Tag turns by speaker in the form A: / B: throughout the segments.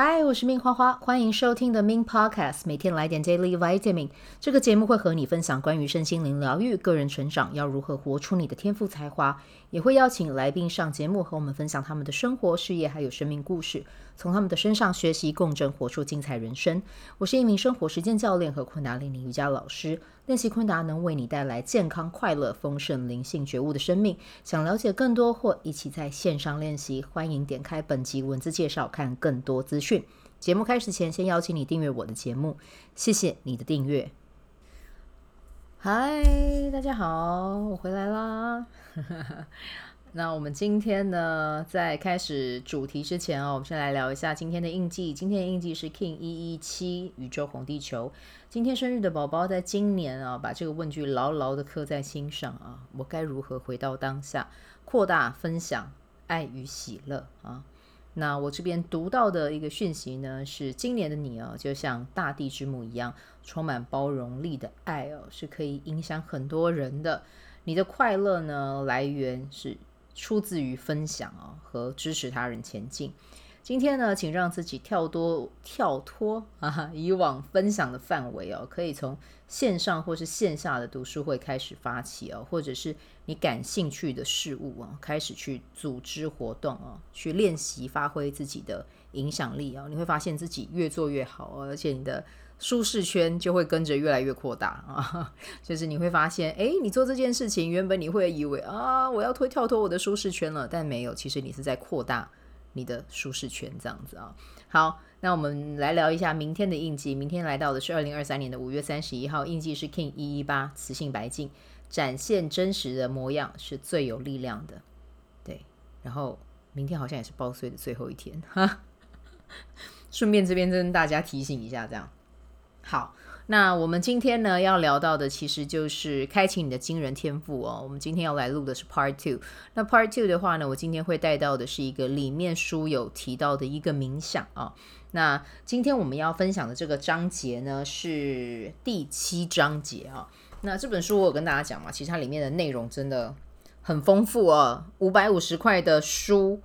A: 嗨，我是 Min 花花，歡迎收聽 The Min Podcast，每天來點 Daily Vitamin。這個節目會和你分享關於身心靈療癒、個人成長要如何活出你的天賦才華，也會邀請來賓上節目和我們分享他們的生活、事業還有生命故事。從他們的身上學習共振，活出精彩人生。我是一名生活實踐教練和昆達里尼瑜伽老師，練習昆達能為你帶來健康、快樂、豐盛、靈性、覺悟的生命。想了解更多或一起在線上練習，歡迎點開本集文字介紹看更多資訊。節目開始前，先邀請你訂閱我的節目，謝謝你的訂閱。嗨，大家好，我回來啦。 那我們今天呢，在開始主題之前哦，我們先來聊一下今天的印記。今天的印記是 King 一一七宇宙紅地球。今天生日的寶寶，在今年啊、哦，把這個問句牢牢的刻在心上啊。我該如何回到當下，擴大分享愛與喜樂啊？那我這邊讀到的一個訊息呢，是今年的你哦，就像大地之母一樣，充滿包容力的愛哦，是可以影響很多人的。你的快樂呢，來源是。出自於分享啊、哦，和支持他人前進。今天呢，請讓自己跳多跳脫啊，以往分享的範圍哦，可以從線上或是線下的讀書會開始發起哦，或者是你感興趣的事物啊、哦，開始去組織活動啊、哦，去練習發揮自己的影響力啊、哦，你會發現自己越做越好，而且你的。舒適圈就會跟着越來越擴大啊，就是你會發現，哎、欸，你做這件事情，原本你會以為啊，我要脫跳脫我的舒適圈了，但沒有，其實你是在擴大你的舒適圈，這樣子啊。好，那我們來聊一下明天的印記。明天來到的是二零二三年的五月三十一號，印記是 KIN 一一八，磁性白鏡，展現真實的模樣是最有力量的。對，然後明天好像也是報稅的最後一天哈。順、啊、 便這邊跟大家提醒一下，這樣。好，那我們今天呢要聊到的其實就是開啟你的驚人天賦哦。我們今天要來錄的是 Part Two。那 Part Two 的話呢，我今天會帶到的是一個裡面書有提到的一個冥想啊、哦。那今天我們要分享的這個章節呢是第七章節啊、哦。那這本書我有跟大家講嘛，其實它裡面的內容真的很豐富哦。五百五十塊的書，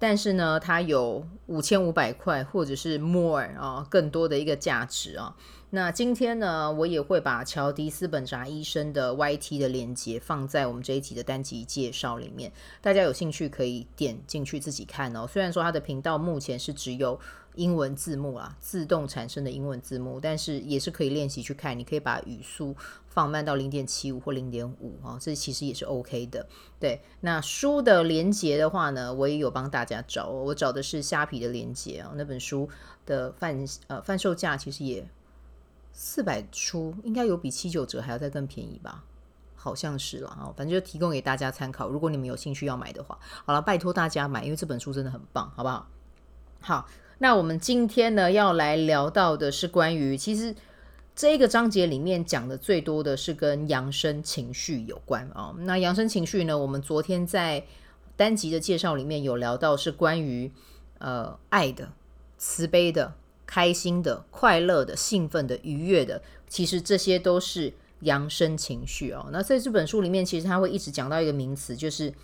A: 但是呢它有五千五百塊或者是 more 啊、哦，更多的一個價值啊、哦。那今天呢，我也會把喬迪斯本扎醫生的 YT 的鏈接放在我們這一集的單集介紹裡面，大家有興趣可以點進去自己看哦。雖然說他的頻道目前是只有英文字幕啦、啊，自動產生的英文字幕，但是也是可以練習去看。你可以把語速放慢到零點七五或零點五啊，這其實也是 OK 的。對，那書的連接的話呢，我也有幫大家找，我找的是蝦皮的連接啊、哦。那本書的販呃販售價其實也。四百出，應該有比七九折還要再更便宜吧？好像是了，啊，反正就提供給大家參考。如果你們有興趣要買的話，好了，拜托大家買，因為這本書真的很棒，好不好？好，那我們今天呢要來聊到的是關於，其實這個章節裡面講的最多的是跟揚升情緒有關啊。那揚升情緒呢，我們昨天在單集的介紹裡面有聊到，是關於呃愛的、慈悲的。開心的、快樂的、興奮的、愉悅的，其實這些都是揚升情緒哦、喔。那在這本書裡面，其實他會一直講到一個名詞，就是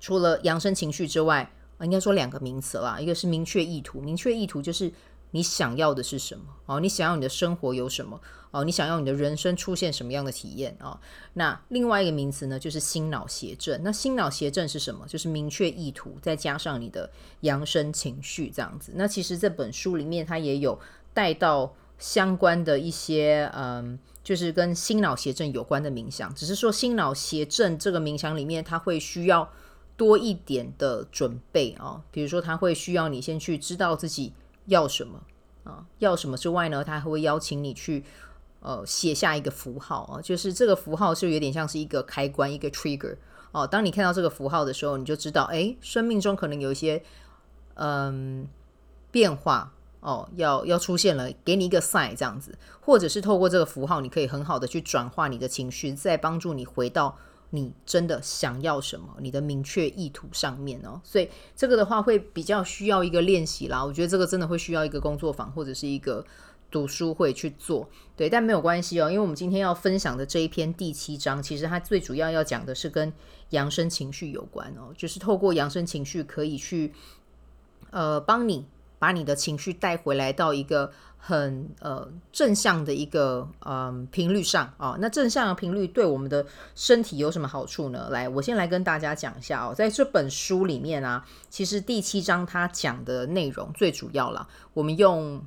A: 除了揚升情緒之外，應該說兩個名詞啦，一個是明確意圖，明確意圖就是，你想要的是什麼？哦，你想要你的生活有什麼？哦，你想要你的人生出現什麼樣的體驗？哦，那另外一個名詞呢，就是心腦協振。那心腦協振是什麼？就是明確意圖，再加上你的揚升情緒這樣子。那其實這本書裡面它也有帶到相關的一些，嗯，就是跟心腦協振有關的冥想。只是說心腦協振這個冥想裡面，它會需要多一點的準備啊、哦。比如說，它會需要你先去知道自己。要什麼啊？要什麼之外呢？他還會邀請你去，呃，寫下一個符號啊，就是這個符號是有點像是一個開關，一個 trigger 哦、啊。當你看到這個符號的時候，你就知道，哎、欸，生命中可能有一些嗯變化哦、啊，要要出現了，給你一個 sign 這樣子，或者是透過這個符號，你可以很好的去轉化你的情緒，再幫助你回到。你真的想要什麼？你的明確意圖上面哦，所以這個的話會比較需要一個練習啦。我覺得這個真的會需要一個工作坊或者是一個讀書會去做。對，但沒有關係哦，因為我們今天要分享的這一篇第七章，其實它最主要要講的是跟揚升情緒有關哦，就是透過揚升情緒可以去呃幫你。把你的情緒帶回來到一個很呃正向的一個嗯頻率上啊、哦，那正向的頻率對我們的身體有什麼好處呢？來，我先來跟大家講一下哦，在這本書裡面啊，其實第七章它講的內容最主要了。我們用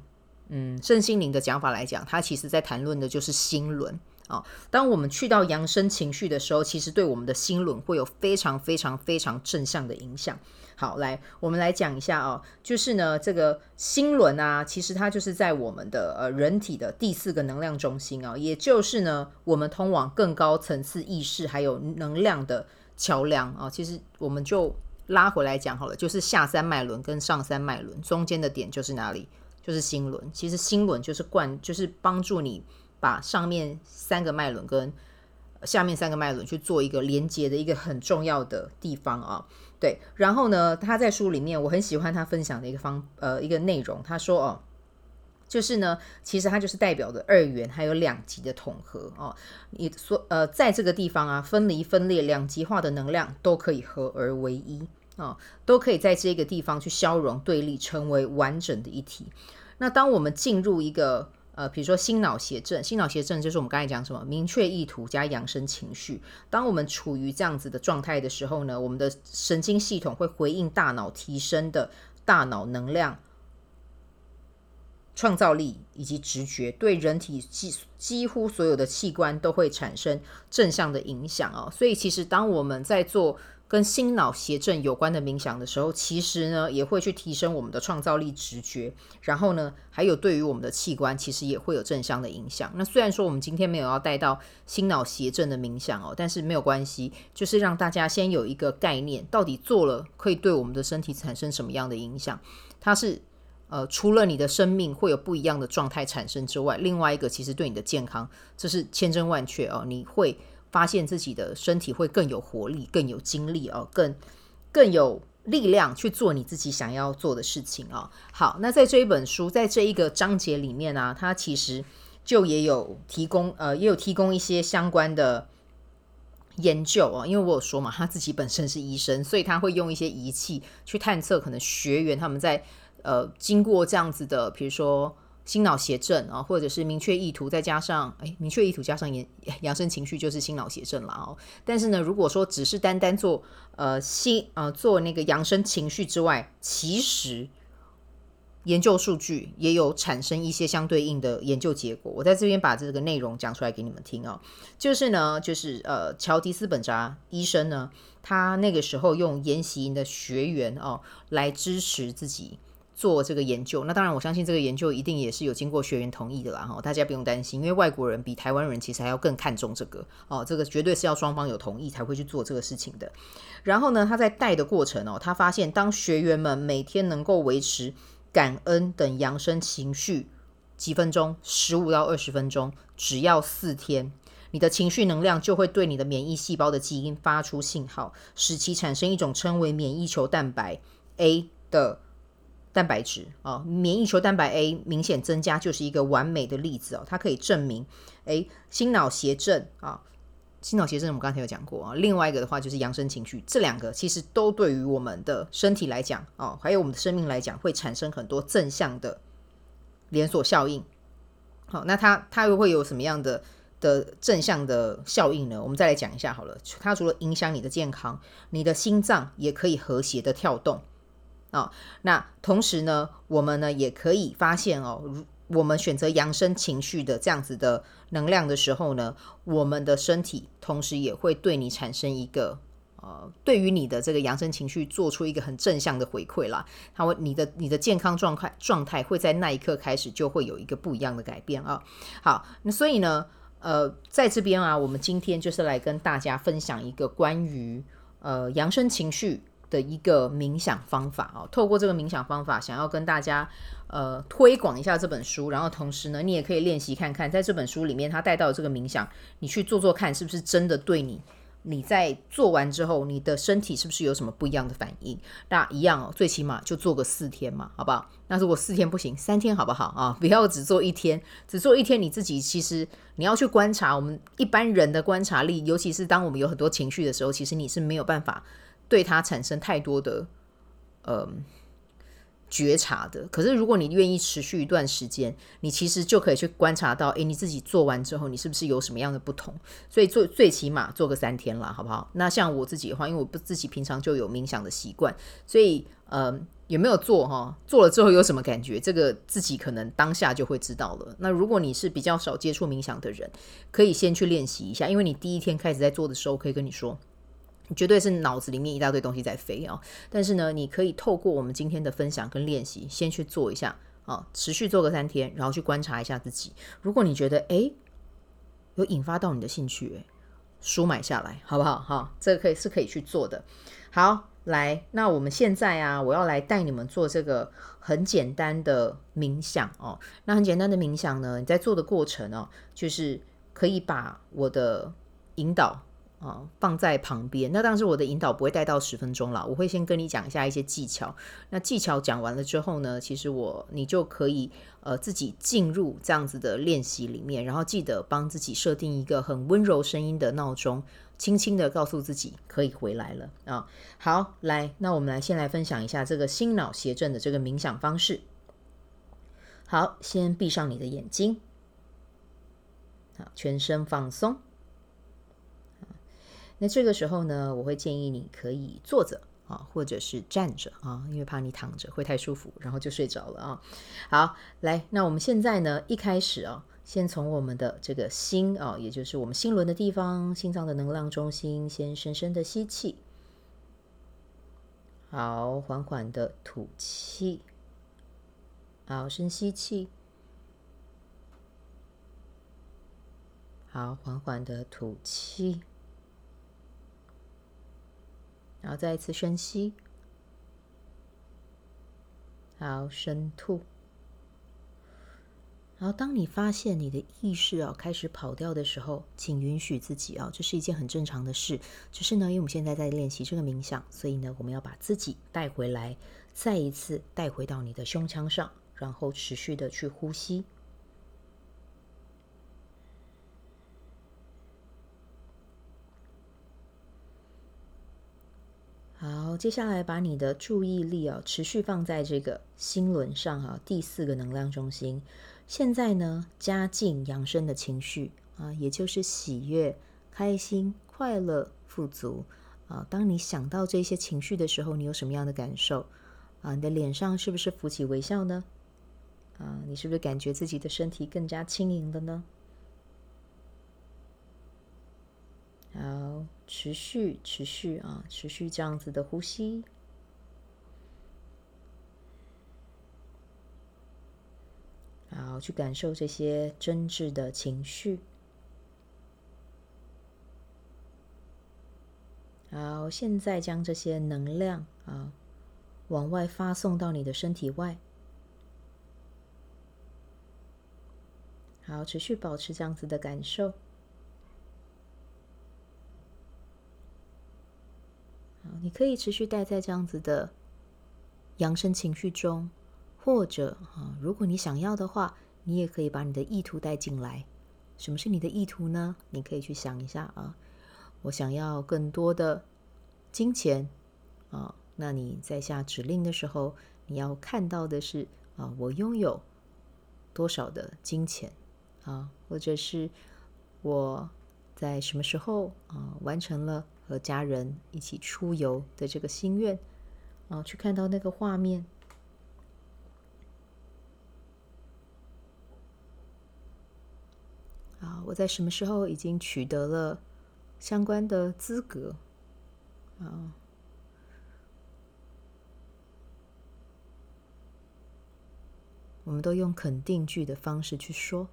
A: 嗯身心靈的講法來講，它其實在談論的就是心輪啊、哦。當我們去到揚升情緒的時候，其實對我們的心輪會有非常非常非常正向的影響。好，來我們來講一下哦，就是呢，這個心輪啊，其實它就是在我們的呃人體的第四個能量中心啊、哦，也就是呢，我們通往更高層次意識還有能量的橋樑啊、哦。其實我們就拉回來講好了，就是下三脈輪跟上三脈輪中間的點就是哪裡？就是心輪。其實心輪就是貫，就是幫助你把上面三個脈輪跟下面三個脈輪去做一個連接的一個很重要的地方啊、哦。對，然後呢，他在書裡面，我很喜歡他分享的一個方呃一個內容。他說哦，就是呢，其實他就是代表的二元還有兩極的統合哦。你說呃，在這個地方啊，分離分裂兩極化的能量都可以合而為一哦，都可以在這個地方去消融對立，成為完整的一體。那當我們進入一個呃，比如說心腦諧振，心腦諧振就是我們剛才講什麼明確意圖加揚升情緒。當我們處於這樣子的狀態的時候呢，我們的神經系統會回應大腦，提升的大腦能量、創造力以及直覺，對人體幾幾乎所有的器官都會產生正向的影響哦。所以其實當我們在做。跟心腦諧振有關的冥想的時候，其實呢也會去提升我們的創造力、直覺，然後呢，還有對於我們的器官，其實也會有正向的影響。那雖然說我們今天沒有要帶到心腦諧振的冥想哦，但是沒有關係，就是讓大家先有一個概念，到底做了可以對我們的身體產生什麼樣的影響。它是呃，除了你的生命會有不一樣的狀態產生之外，另外一個其實對你的健康，這是千真萬確哦，你會。發現自己的身體會更有活力、更有精力哦，更更有力量去做你自己想要做的事情哦。好，那在這一本書在這一個章節裡面呢、啊，它其實就也有提供呃，也有提供一些相關的研究哦，因為我有說嘛，他自己本身是醫生，所以他會用一些儀器去探測可能學員他們在呃經過這樣子的，比如說。心腦諧振啊，或者是明確意圖，再加上哎，明確意圖加上揚揚升情緒，就是心腦諧振了哦。但是呢，如果說只是單單做呃心呃，做那個揚升情緒之外，其實研究數據也有產生一些相對應的研究結果。我在這邊把這個內容講出來給你們聽哦，就是呢，就是呃喬迪斯本札醫生呢，他那個時候用研習營的學員哦來支持自己。做這個研究，那當然，我相信這個研究一定也是有經過學員同意的啦，哈，大家不用擔心，因為外國人比台灣人其實還要更看重這個哦，這個絕對是要雙方有同意才會去做這個事情的。然後呢，他在帶的過程哦，他發現當學員們每天能夠維持感恩等揚升情緒幾分鐘，十五到二十分鐘，只要四天，你的情緒能量就會對你的免疫細胞的基因發出信號，使其產生一種稱為免疫球蛋白 A 的。蛋白質啊、哦，免疫球蛋白 A 明顯增加，就是一個完美的例子哦。它可以證明，心腦諧振啊，心腦諧振、哦我們剛才有講過啊、哦。另外一個的話就是揚升情緒，這兩個其實都對於我們的身體來講哦，還有我們的生命來講，會產生很多正向的連鎖效應。好、哦，那它它又會有什麼樣的的正向的效應呢？我們再來講一下好了。它除了影響你的健康，你的心臟也可以和諧的跳動。啊、哦，那同時呢，我們呢也可以發現哦，如我們選擇揚升情緒的這樣子的能量的時候呢，我們的身體同時也會對你產生一個呃，對於你的這個揚升情緒做出一個很正向的回饋啦。他會，你的你的健康狀態狀態會在那一刻開始就會有一個不一樣的改變啊。好，那所以呢，呃，在這邊啊，我們今天就是來跟大家分享一個關於呃揚升情緒。的一個冥想方法啊、哦，透過這個冥想方法，想要跟大家呃推廣一下這本書，然後同時呢，你也可以練習看看，在這本書裡面他帶到的這個冥想，你去做做看，是不是真的對你？你在做完之後，你的身體是不是有什麼不一樣的反應？那一樣哦，最起碼就做個四天嘛，好不好？那如果四天不行，三天好不好啊？不要只做一天，只做一天，你自己其實你要去觀察我們一般人的觀察力，尤其是當我們有很多情緒的時候，其實你是沒有辦法。對它產生太多的，嗯，覺察的。可是如果你願意持續一段時間，你其實就可以去觀察到，誒，你自己做完之後，你是不是有什麼樣的不同？所以做最起碼做個三天啦，好不好？那像我自己的話，因為我自己平常就有冥想的習慣，所以嗯，有沒有做哈？做了之後有什麼感覺？這個自己可能當下就會知道了。那如果你是比較少接觸冥想的人，可以先去練習一下，因為你第一天開始在做的時候，可以跟你說。絕對是腦子裡面一大堆東西在飛啊、哦！但是呢，你可以透過我們今天的分享跟練習，先去做一下啊、哦，持續做個三天，然後去觀察一下自己。如果你覺得誒有引發到你的興趣，誒，書買下來好不好？好、哦，這個可以是可以去做的。好，來，那我們現在啊，我要來帶你們做這個很簡單的冥想哦。那很簡單的冥想呢，你在做的過程哦，就是可以把我的引導。啊、哦，放在旁邊。那當時我的引導不會帶到十分鐘了，我會先跟你講一下一些技巧。那技巧講完了之後呢，其實我你就可以呃自己進入這樣子的練習裡面，然後記得幫自己設定一個很溫柔聲音的鬧鐘，輕輕的告訴自己可以回來了啊、哦。好，來，那我們來先來分享一下這個心腦協振的這個冥想方式。好，先閉上你的眼睛，好，全身放鬆。那這個時候呢，我會建議你可以坐着啊，或者是站着啊，因為怕你躺着會太舒服，然後就睡着了啊。好，來，那我們現在呢，一開始啊，先從我們的這個心啊，也就是我們心輪的地方，心臟的能量中心，先深深的吸氣，好，緩緩的吐氣，好，深吸氣，好，緩緩的吐氣。然後再一次深吸，好，深吐。然後當你發現你的意識啊開始跑掉的時候，請允許自己啊，這是一件很正常的事。只是呢，因為我們現在在練習這個冥想，所以呢，我們要把自己帶回來，再一次帶回到你的胸腔上，然後持續的去呼吸。接下來，把你的注意力啊、哦，持續放在這個心輪上哈、啊，第四個能量中心。現在呢，加進揚升的情緒啊，也就是喜悅、開心、快樂、富足啊。當你想到這些情緒的時候，你有什麼樣的感受啊？你的臉上是不是浮起微笑呢？啊，你是不是感覺自己的身體更加輕盈了呢？好，持續，持續啊，持續這樣子的呼吸。好，去感受這些真摯的情緒。好，現在將這些能量啊，往外發送到你的身體外。好，持續保持這樣子的感受。可以持續待在這樣子的揚升情緒中，或者啊，如果你想要的話，你也可以把你的意圖帶進來。什麼是你的意圖呢？你可以去想一下啊。我想要更多的金錢啊，那你在下指令的時候，你要看到的是啊，我擁有多少的金錢啊，或者是我在什麼時候啊完成了。和家人一起出遊的這個心願，啊，去看到那個畫面。啊，我在什麼時候已經取得了相關的資格。啊，我們都用肯定句的方式去說。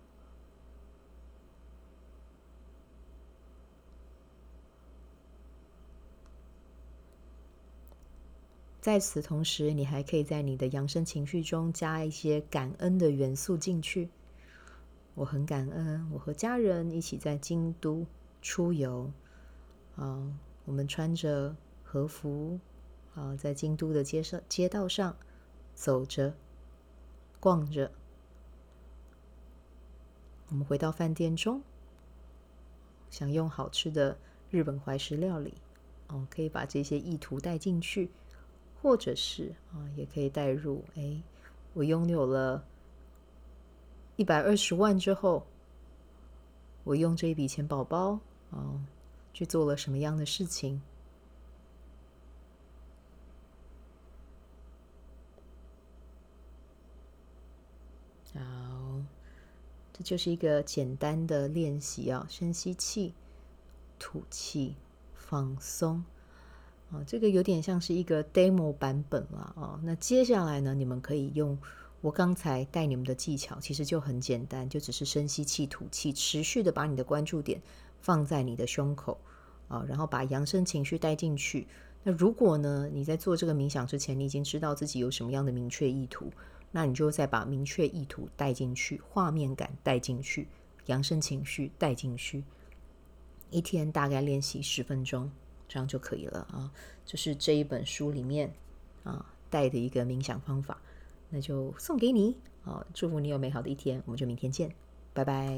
A: 在此同時，你還可以在你的揚升情緒中加一些感恩的元素進去。我很感恩，我和家人一起在京都出遊。啊，我們穿着和服，啊，在京都的街上街道上走着、逛着。我們回到飯店中，享用好吃的日本懷石料理。哦，可以把這些意圖帶進去。或者是啊、哦，也可以代入。哎，我擁有了一百二十萬之後，我用這一筆錢寶寶哦，去做了什麼樣的事情？好，這就是一個簡單的練習啊、哦。深吸氣，吐氣，放鬆。啊，這個有點像是一個 demo 版本了啊。那接下來呢，你們可以用我剛才帶你們的技巧，其實就很簡單，就只是深吸氣、吐氣，持續地把你的關注點放在你的胸口啊，然後把揚升情緒帶進去。那如果呢，你在做這個冥想之前，你已經知道自己有什麼樣的明確意圖，那你就再把明確意圖帶進去，畫面感帶進去，揚升情緒帶進去。一天大概練習十分鐘。這樣就可以了啊，就是這一本書裡面啊帶的一個冥想方法，那就送給你啊，祝福你有美好的一天，我們就明天見，拜拜。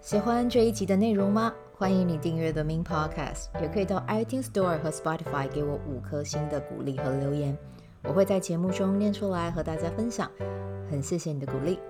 A: 喜歡這一集的內容嗎？歡迎你訂閱 The Min Podcast，也可以到 iTunes Store 和 Spotify 給我五顆星的鼓勵和留言，我會在節目中念出來和大家分享，很謝謝你的鼓勵。